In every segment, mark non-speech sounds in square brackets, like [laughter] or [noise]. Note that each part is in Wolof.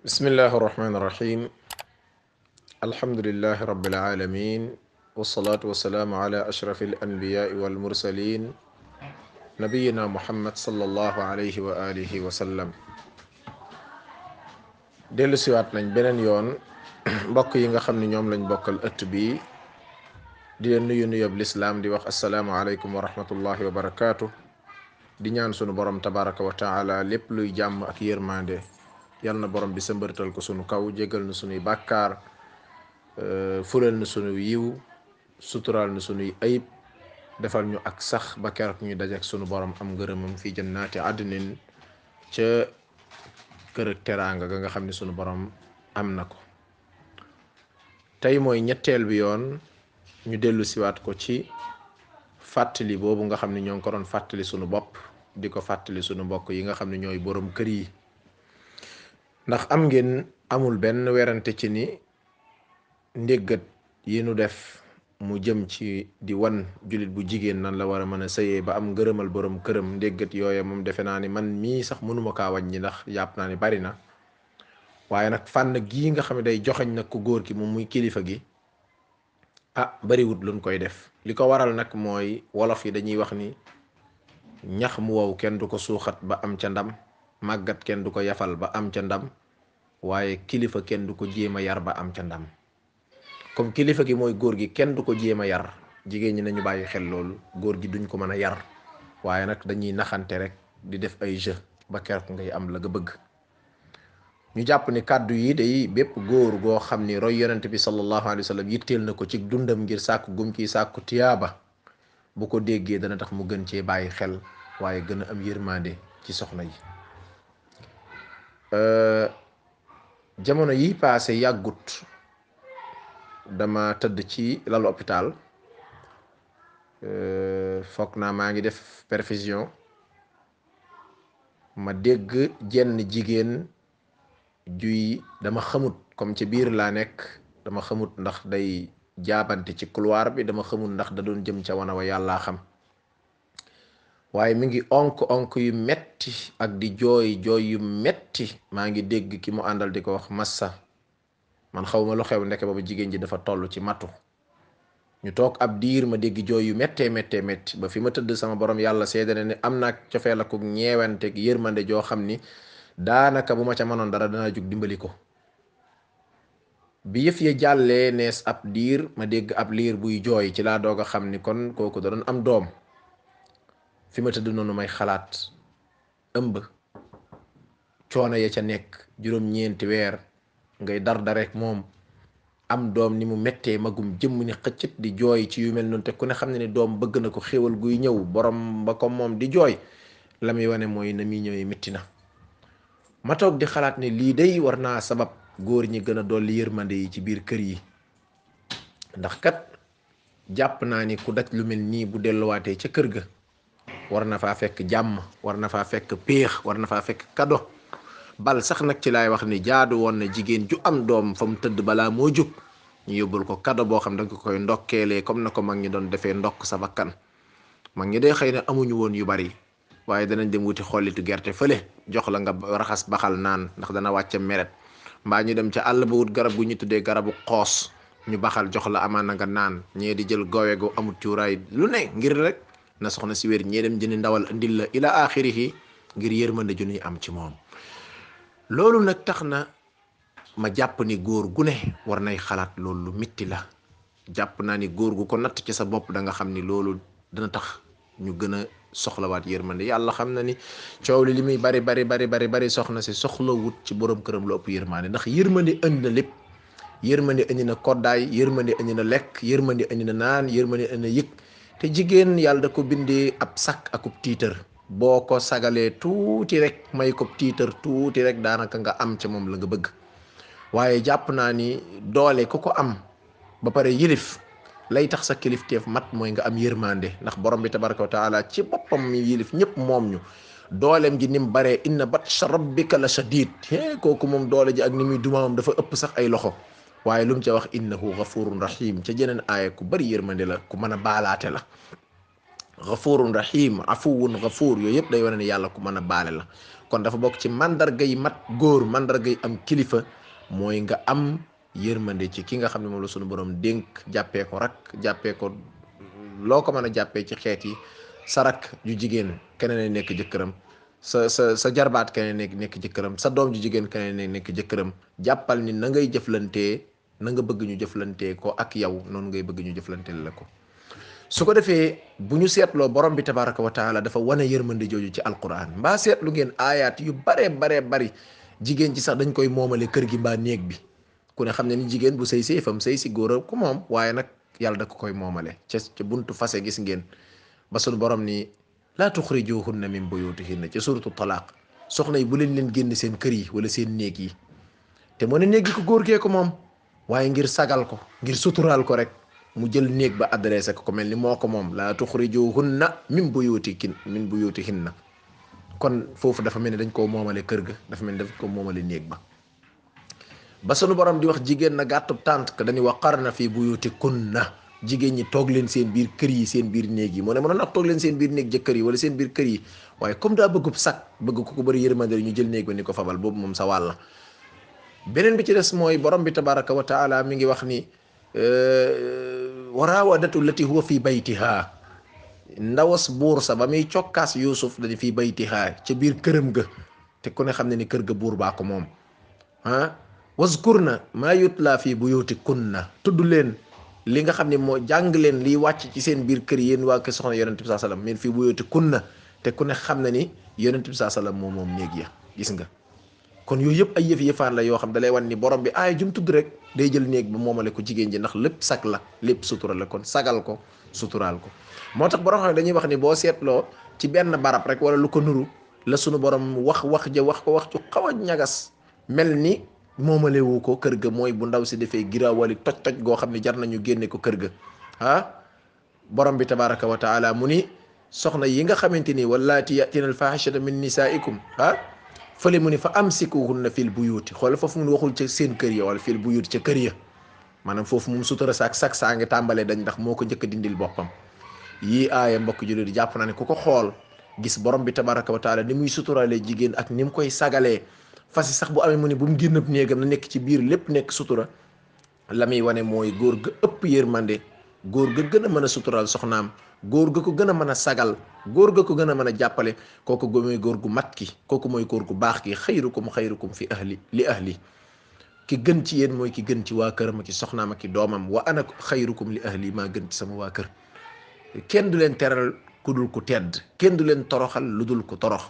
bismillahi irrahmani irrahim alhamdulilahi rabilalamin wasalaatu wasalaamu ala ashrafi alanbiyai walmursalin nabiyina muhammad sallallahu alayhi wa alihi wa sallam dellu siwaat nañ beneen yoon [clears throat] mbokk yi nga xam ne ñoom lañ bokkal ëtt bi di leen nuyu nuyoob lislaam di wax assalaamu aleykum wa rahmatullahi wa barakaatu di ñaan sunu borom tabaraka wa taala lépp luy jàmm ak yërmande yal na borom bi sëmbërtal ko sunu kaw jégal na sunuy bàkkaar euh, fulal na sunu yiw suturaal na sunuy ayib defal ñu ak sax ba keroog ñu dajak sunu borom am ngërëmam fi jannaati àddinin ca kër ak teraanga nga xam ne sunu borom am na ko tey mooy ñetteel bi yoon ñu dellu siwaat ko ci fàttali boobu nga xam ne ñoo ngi ko doon fàttali sunu bopp di ko fàttali sunu mbokk yi nga xam ne ñooy borom kër yi ndax am ngeen amul benn werante ci ni ndéggat yi nu def mu jëm ci di wan jullit bu jigéen nan la war a mën a sëyee ba am ngërëmal borom këram ndéggat yooya moom defe naa ni man mii sax mënuma kaa wàññi ndax yàpp naa ni bari na waaye nag fànn gii nga xam ne day joxañ nag ku góor gi moom muy kilifa gi a ah, bariwut luñ koy def li ko waral nag mooy wolof yi dañuy wax ni ñax mu wow kenn du ko suuxat ba am ca ndam màggat kenn du ko yafal ba am ca ndam waaye kilifa kenn du ko jéem a yar ba am ca ndam comme kilifa gi mooy góor gi kenn du ko jéem a yar jigéen ñi nañu bàyyi xel loolu góor gi duñ ko mën a yar waaye nag dañuy naxante rek di def ay jeu ba keroog ngay am la bëgg ñu jàpp ni kàddu yi day bépp góor goo xam ni roy yonent bi sallallahu alayhi wa sallam yitteel na ko cig dundam ngir sàkku gum ciy sàkku tiyaaba bu ko déggee dana tax mu gën cee bàyyi xel waaye gën a am yërmande ci soxna yi euh, jamono yi paase yàggut dama tëdd ci lalu hôpital euh, foog naa maa ngi def perfusion ma dégg jenn jigéen juy dama xamut comme ci biir laa nekk dama xamut ndax day jaabante ci couloir bi dama xamut ndax da doon jëm ca wana wa yàllaa xam waaye mi ngi onk-onk yu metti ak di jooy jooy yu metti maa ngi dégg ki mu àndal di ko massa man xaw ma lu xew ndeke boobu jigéen ji dafa toll ci mattu ñu toog ab diir ma dégg jooy yu méttee méttee métti ba fi ma tëdd sama borom yàlla seede ne am naa cofeel ak ñeewante ak yërmande joo xam ni daanaka bu ma ca mënoon dara danaa jug dimbali ko bi yëf ya jàllee nees ab diir ma dégg ab liir buy jooy ci laa doog xam ni kon kooku da doon am doom fi ma tëdd noonu may xalaat ëmb coono ya ca nekk juróom-ñeenti weer ngay dar da moom am doom ni mu mettee magum jëmm ni xëccit di jooy ci yu mel noonu te ku ne xam ne ni doom bëgg na ko xéewal guy ñëw borom ba ko moom di jooy la muy wane mooy na muy ñëwee metti na ma toog di xalaat ni lii dey war naa sabab góor ñi gën a dolli yërmande yi ci biir kër yi ndax kat jàpp naa ni ku daj lu mel nii bu delluwaatee ca kër ga war na faa fekk jàmm war na faa fekk piix war na faa fekk kado bal sax nag ci laay wax ni jaadu woon na jigéen ju am doom fa mu tëdd balaa moo jug ñu yóbbul ko kado boo xam da nga koy ndokkeelee comme na ko mag ñi doon defee ndokk sa bakkan mag ñi dee xëy na amuñu woon yu bari waaye danañ dem wuti xollitu gerte fële jox la nga raxas baxal naan ndax dana wàcce meret mbaa ñu dem ca àll ba wut garab gu ñu tuddee garabu xoos ñu baxal jox la amaana nga naan ñee di jël goowe gu amut cuuraay lu ne ngir rek na soxna si wér ñee dem jëndi ndawal ndil la ila axirihi ngir yërmande ju ñuy am ci moom loolu nag tax na ma jàpp ni góor gu ne war nay xalaat loolu lu mitti la jàpp naa ni góor gu ko natt ci sa bopp da nga xam ni loolu dana tax ñu gën a soxlawaat yërmande yàlla xam na ni coow li li muy bari bari bari bari bari soxna si wut ci boroom këram lu ëpp yërmande ndax yërmande indi na lépp yërmande indi na koddaay yërmande indi na lekk yërmande indi na naan yërmande indi na yëg te jigéen yàlla da ko bindee ab sakk akub tiitër boo ko sagalee tuuti rek may ko tiitër tuuti rek daanaka nga am ca moom la nga bëgg waaye jàpp naa ni doole ku ko am ba pare yilif lay tax sa kilifteef mat mooy nga am yërmande ndax borom bi tabaraka wa taala ci boppam yilif ñëpp moom ñu doolem ji ni mu baree inna batsha rabbika la shadid kooku moom doole ji ak ni muy dumaamam dafa ëpp sax ay loxo waaye lu mu ca wax innahu ghafurun rahim ca jeneen aaya ku bari yërmande la ku mën a baalaate la ghafurun rahim afuwun ghafur yooyu yëpp day wane ne yàlla ku mën a baale la kon dafa bokk ci mandarga yi mat góor mandarga yi am kilifa mooy nga am yërmande ci ki nga xam ne moom la sunu borom dénk jàppee ko rak jàppee ko loo ko mën a jàppee ci xeet yi sa rak ju jigéen keneen nekk jëkkëram sa sa sa jarbaat keneen nekk nekk jëkkëram sa doom ju jigéen keneen nekk jëkkëram jàppal ni na ngay jëflante na nga bëgg ñu jëflantee ko ak yow noonu ngay bëgg ñu jëflanteel la ko su ko defee bu ñu seetloo borom bi tabaraka wa taala dafa wane yërmande jooju ci al alquran mbaa seetlu ngeen aayaat yu baree baree bari jigéen ci sax dañ koy moomale kër gi mbaa néeg bi ku ne xam ne ni jigéen bu sëy sëy fam sëy si góor ko moom waaye nag yàlla da koy moomale ca ca buntu fase gis ngeen ba sunu borom ni laa tuxrijuhunna min na ca suratu talaaq soxna yi bu leen leen génn seen kër yi wala seen néeg yi te mu ne néeg gi ko góor gee moom waaye ngir sagal ko ngir sutural ko rek mu jël néeg ba adressé ko ko mel ni moo ko moom laa tuxrijuhunna min buyutikin min na kon foofu dafa mel ni dañ koo moomale kër ga dafa mel ni dafa ko moomale néeg ba ba sunu borom di wax jigéen na gàtt gàttub tànt que dañuy waqarna fi na jigéen ñi toog leen seen biir kër yi seen biir néeg yi mu ne a nag toog leen seen biir néeg jëkkër yi wala seen biir kër yi waaye comme daa bëggub sac bëgg k ko bëri yërmande ñu jël néeg ba ko fabal boobu moom sa beneen bi ci des mooy borom bi tabaraka wa mi ngi wax ni wa raawadatu lati huwa fii baytiha ndawas buur sa ba muy cokkaas Yuusuf dañu fii baytiha ca biir këram ga te ku ne xam ne ni kër ga buur baa ko moom ah waskurna maa yutla fii buyutikunna tudd leen li nga xam ne moo jàng leen liy wàcc ci seen biir kër yéen waa kër soxna yonent bi saa sallam min fii buyutikunna te ku ne xam na ni yonent bi saa moom moom néeg ya gis nga kon yooyu yëpp ay yëf yëfaan la yoo xam da lay wan ni borom bi aay jum tudd rek day jël néeg bi moomale ko jigéen ji ndax lépp sag la lépp sutura la kon sagal ko suturaal ko moo tax borom xam dañuy wax ni boo seetloo ci benn barab rek wala lu ko nuru la sunu borom wax wax ja wax ko wax ju xaw a ñagas mel ni moomalewu ko kër ga mooy bu ndaw si defee giraawali toj toj goo xam ne jar nañu génne ko kër ga borom bi tabaraka wa taala mu ni soxna yi nga xamante ni wallaati yatina alfahishata min nisaikum ah fële mu ne fa am amsikuhunna fil buyuti xool foofu mu waxul ca seen kër ya wala fil buyuti ca kër ya maanaam foofu moom sutura saak sak saa ngi tàmbalee dañ ndax moo ko jëkk dindil boppam yii aaya mbokk jullit di jàpp naa ne ku ko xool gis borom bi tabaraka wa taala ni muy suturalee jigéen ak ni mu koy sagalee fasi sax bu amee mu ne bu mu génn ab néegam na nekk ci biir lépp nekk sutura la muy wane mooy góor ga ëpp yërmande góor ga gën a mën a suturaal soxnaam góor ga ko gën a mën a sagal góor ga ko gën a mën a jàppale kooku mooy góor gu mat ki kooku mooy góor gu baax ki xayrukum xayrukum fi ahli li ahli ki gën ci yéen mooy ki gën ci waa këram ki soxnaam ki doomam wa ana xayrukum li ahli maa gën ci sama waa kër kenn du leen teral ku dul ku tedd kenn du leen toroxal lu dul ku torox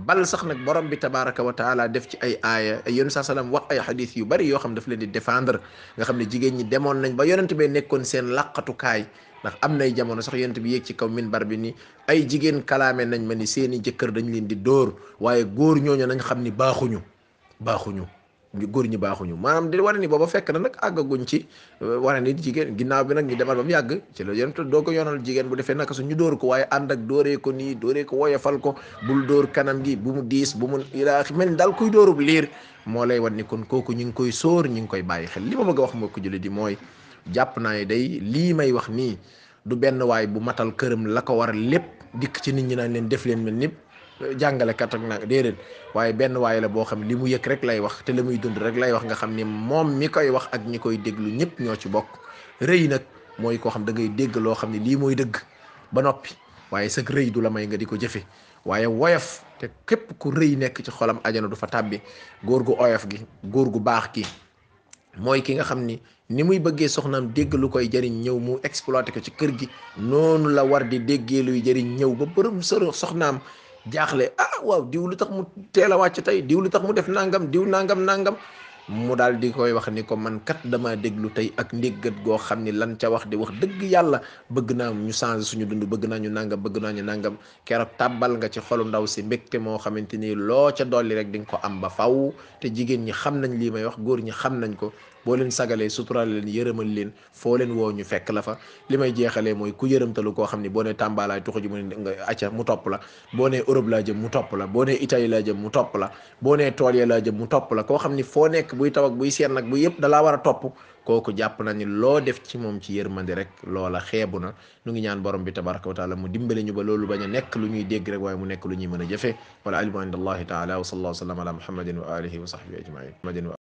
bal sax nag borom bi tabaraka wa taala def ci ay aaya ay sa saa salaam wax ay xadis yu bari yoo xam daf leen di défendre nga xam ne jigéen ñi demoon nañ ba yonent bee nekkoon seen laqatukaay ndax am nay jamono sax yonent bi yéeg ci kaw minbar bi nii ay jigéen kalaame nañ ma ni seeni jëkkër dañ leen di dóor waaye góor ñooñu nañ xam ni baaxuñu baaxuñu góor ñi baaxuñu maanaam di wane ni booba fekk na nag àggaguñ ci euh, wane ni jigéen ginnaaw bi nag ñi demal ba mu yàgg ci la yonent doo ko yoonal jigéen bu defee naka su ñu dóor ko waaye ànd ak dóoree ko nii dóoree ko woyofal ko bul dóor kanam gi bu mu diis bu mu ilaa mel ni daal kuy dóorub liir moo lay wan ni kon kooku ñu ngi koy sóor ñu ngi koy bàyyi xel li ma a wax moo ko jële di mooy jàpp naa yi day lii may wax nii du benn waay bu matal këram la ko war lépp dikk ci nit ñi naan leen def leen mel ni jàngalekat ak nanga déedéet waaye benn waaye la boo xam li mu yëkk rek lay wax te li muy dund rek lay wax nga xam ni moom mi koy wax ak ñi koy déglu ñëpp ñoo ci bokk rëy nag mooy koo xam da dégg loo xam ne lii mooy dëgg ba noppi waaye sag rëy du la may nga di ko jëfe waaye woyof te képp ku rëy nekk ci xolam ajana du fa tàbbi góor gu oyof gi góor gu baax gi mooy ki nga xam ni ni muy bëggee soxnaam dégg lu koy jëriñ ñëw mu exploité ko ci kër gi noonu la war di déggee luy jëriñ ñëw ba bërëm soxnaam jaaxle ah waaw diw lu tax mu teel a wàcc tey diw lu tax mu def nangam diw nangam nangam mu daal di koy wax ni ko man kat dama déglu tey ak ndéggat goo xam ni lan ca wax di wax dëgg yàlla bëgg naa ñu changer suñu dund bëgg naa ñu nangam bëgg naa ñu nangam keroog tàbbal nga ci xolu ndaw si mbégte moo xamante ni loo ca dolli rek di nga ko am ba faw te jigéen ñi xam nañ lii may wax góor ñi xam nañ ko boo leen sagalee suturaal leen yërëmal leen foo leen woo ñu fekk la fa li may jeexalee mooy ku yërëmtalu koo xam ni boo nee Tamba laay tuxu ji mu ne nga acca mu topp la boo nee Europe laa mu topp la boo nee Italie laa mu topp la buy taw ak buy seen nag bu yëpp dalaa war topp kooku jàpp nañu loo def ci moom ci yërmandi rek loola xeebu na nu ngi ñaan borom bi tabaraka wa taala mu dimbale ñu ba loolu bañ a nekk lu ñuy dégg rek waaye mu nekk lu ñuy mën a jëfe wala alimu a allahi taala wa sallallahu sallam ala muhammadin wa alihi wa sahbihi ajmain